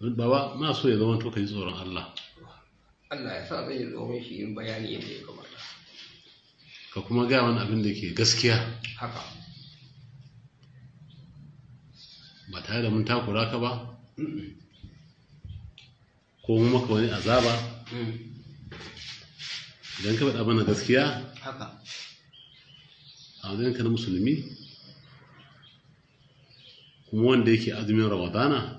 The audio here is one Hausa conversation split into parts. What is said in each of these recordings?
Baba, na so ya zama to kai tsoron Allah. Allah ya sa zai shi yin bayani yadda ya Ka kuma gaya wani abin da ke gaskiya. Haka. Ba tare da mun takura ka ba? Ko mu maka wani azaba? Idan ka faɗa mana gaskiya? Haka. A wajen ka na musulmi? Kuma wanda yake azumin Ramadana?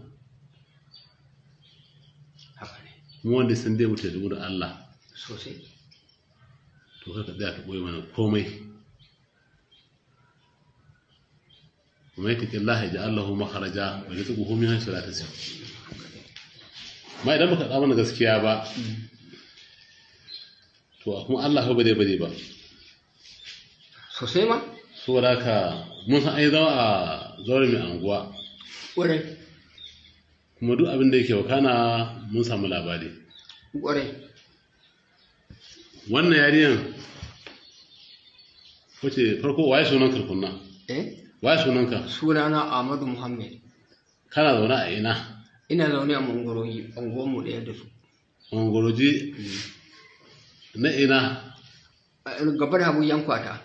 kuma wanda sun dai mutu da Allah sosai to haka da ka koyi mana komai kuma yake kin lahi ja Allahu makharaja wa yatuhu min salati la mai dan baka tsama kawo gaskiya ba to kuma Allah ba dai ba dai ba sosai ma saboda ka mun san ai zama a zaure mai anguwa ƙwarai kuma duk abin da yake wakana mun samu labari ƙwarai wannan yariyan wace farko waye sunan karkunna eh waye sunanka sunana Ahmadu Muhammad kana zaune a ina ina zaune a Mangoroji mu ɗaya da su Mangoroji mm. na ina gaba da Habu Yankwata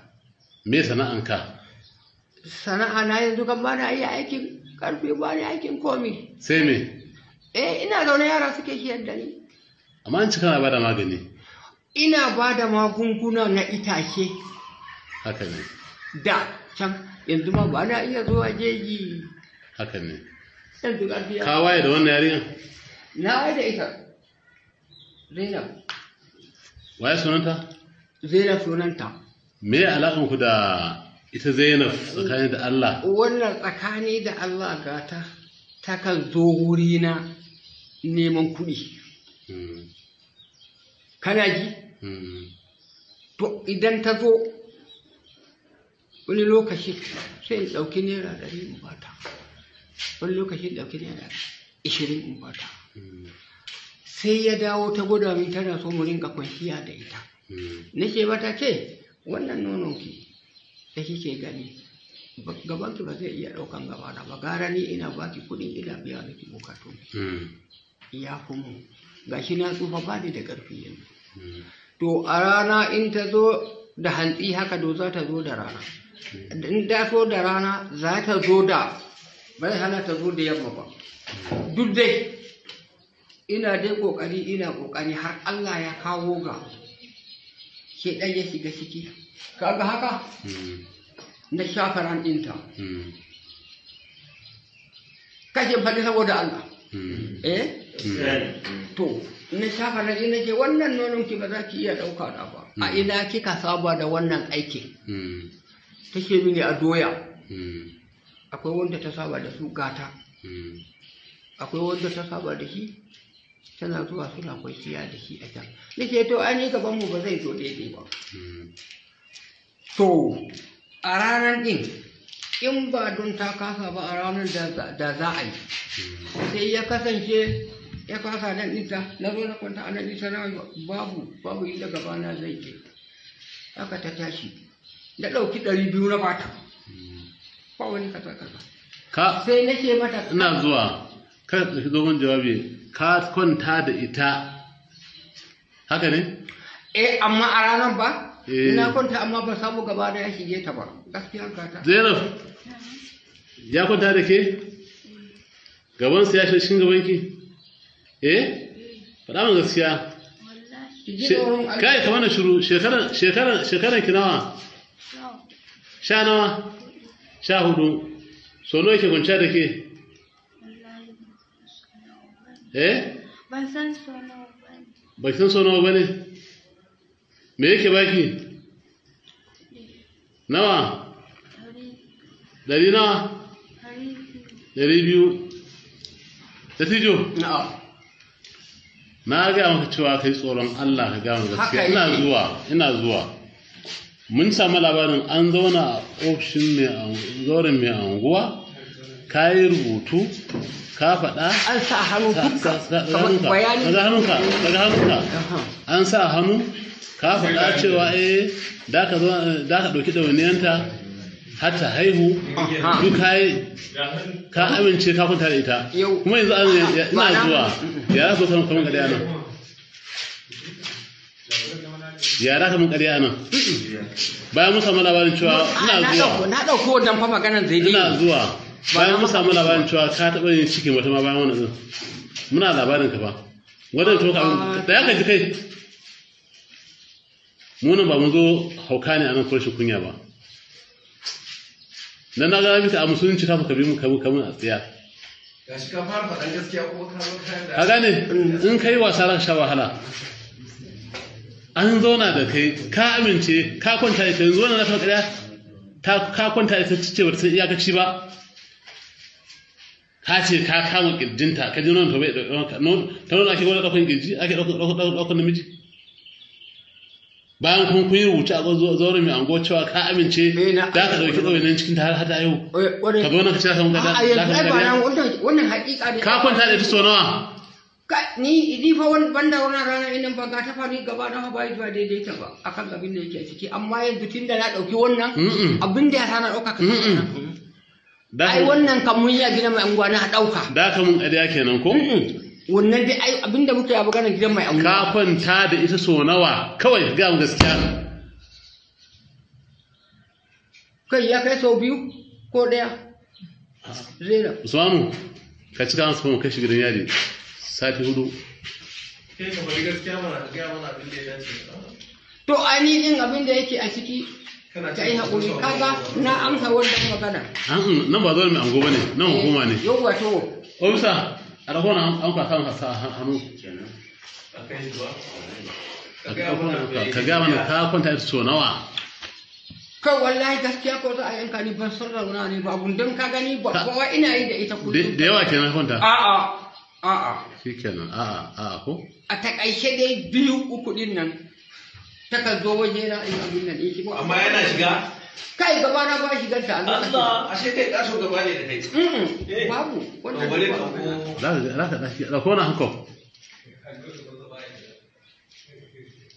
me sana'anka sana'a na yanzu kan ba na yi aikin karfi ba ni aikin komi sai me eh ina da wani yara suke shi yadda ni amma an cika ba da magani ina ba da magunguna na itace haka ne da can yanzu ma ba na iya zuwa jeji haka ne yanzu karfi ka waye da wannan yarinya na waye da ita Zainab waye sunanta Zainab sunanta me alaƙanku da ita zainab tsakani da Allah wannan tsakani da Allah gata takan zo wurina neman kuɗi hmm. kana ji hmm. to idan ta zo wani lokaci sai in ɗauki naira ɗari in bata wani lokaci in ɗauki naira ishirin in bata hmm. sai ya dawo ta gwada min tana so mu rinka kwanciya da ita nake mata ce wannan nonon ki da kike gani gaban ki ba zai iya ɗaukan gaba da ba gara ni ina baki kuɗin ina biya miki bukatu hmm. ya kuma gashi na tsufa ba ni da karfi yanzu hmm. to a rana in ta zo da hantsi haka do za ta zo da rana hmm. in ta so da rana za ta zo da ba zai hana ta zo da yamma ba duk dai ina dai ƙoƙari ina ƙoƙari har Allah ya kawo ga Ke ya shiga ciki kaga haka hmm. na shafaran ɗinta hmm. kashe faɗi saboda Allah hmm. eh to na shafaran ɗinta ce wannan nonon ki ba za ki iya ɗauka da ba a ina kika saba da wannan ta ke mini a doya akwai wanda ta saba da su gata akwai wanda ta saba da shi tana zuwa suna kwanciya da shi a can ke to an yi gaban mu ba zai zo daidai ba hmm. to a ranar din in ba don ta kasa ba a ranar da za a yi hmm. sai ya kasance ya kasa nan ita na zo na kwanta a nan ita na babu babu inda gaba na zai ke. Aka ta tashi na ɗauki ɗari biyu na bata hmm. ba wani kasa kasa sai nake mata ina zuwa ka zo jawabi ka kwanta da ita haka ne eh amma a ranar ba ina eh. kwanta amma ba samu gaba da ya shige ta ba gaskiya kata zainab ya kwanta da ke gaban sa ya shi shin gaban ki eh faɗa ma gaskiya kai kamar na shuru shekaran kinawa sha nawa sha hudu so nawa ke kwanciya da ke eh ban san sonawa ba ne me yake baki nawa dari nawa dari biyu da tijo na gaya maka cewa kai tsoron Allah ka gama gaskiya ina zuwa ina zuwa mun samu labarin an zauna a ofishin mai anguwa mai yi kayi rubutu ka faɗa an sa hannu dukka bayani daga hannunka daga hannunka an sa hannu ka faɗa cewa eh da ka zo da ka dauki dawaniyanta har ta haihu duk kai ka amince ka kunta da ita kuma yanzu an ina zuwa ya zo kan kan gada nan yara kamar ƙarya nan bayan musamman labarin cewa ina zuwa na ɗauko don fa maganar zai ina zuwa bayan mun samu labarin cewa ka taɓa yin cikin wata ma bayan wani muna labarin ka ba wannan to da ya ka ji kai munan ba mun zo hauka ne a nan kurshin kunya ba dan na gara bisa a musulunci kafa ka bi mu kabu kamun a tsaya. ka fara gaskiya ka kayan da gane in kai wasa ran sha wahala an zauna da kai ka amince ka kwanta ita yanzu wannan na ta ka kwanta ita ce ba ta san iyakaci ba ka ce ka kama kirjinta ka ji nonon ta bai ɗauki ta nuna ake wani ɗaukan kirji ake ɗaukan namiji bayan kuma kun yi rubuce a zaure mai ango cewa ka amince da ka ɗauki ɗauki cikin ta har hata yau ka zo na ka ce za ka muka da wannan hakika ne ka kwanta da ita so nawa ni ni fa wani banda wani rana inda ba ga ta faru gaba na ba ba daidai ta ba akan abin da yake ciki amma yanzu tun da na ɗauki wannan abin da ya sana ɗauka ka ai wannan kan mun ya gina mai anguwa na dauka da ka mun adiya kenan ko wannan dai ai abinda muka yi magana gidan mai anguwa ka kwanta da ita so nawa kawai ga mu gaskiya kai ya kai sau biyu ko daya zera usmanu ka cika masu kuma kashi gidan yari sati hudu kai ka bari gaskiya mana ga mana abin da ya dace to ani din yake a ciki ta yi haƙuri kaga na amsa wannan magana mm, nan ba zo mai ango bane nan eh, hukuma ne yau wato ofisa a rahon an kwasa masa hannu ka ga mana ka kwanta ita so nawa kai wallahi gaskiya ko za a yanka ni ban san rauna ne ba abun don ka gani ba kowa ina yi da ita kullum da yawa kenan kwanta a'a a'a shikenan a'a a'a ko a takaice dai biyu uku din nan takan zo waje na in abin nan in shigo amma yana shiga kai gaba na ba shigar ta Allah Allah ashe kai ka so gaba ne da kai eh. babu wannan bare ka ko za ka dashi da kona hanko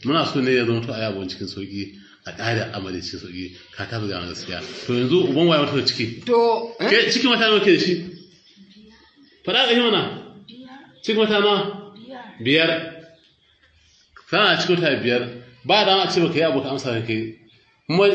muna so ne ya zama to aya cikin sauki a ƙara amalin cikin sauki ka ta zuga gaskiya to yanzu uban waya wata ciki to eh? ke cikin mata nawa ke da shi fara ga himana cikin mata na biyar tana cikin mata biyar ba dama a ce baka yi abu ka amsa da kai kuma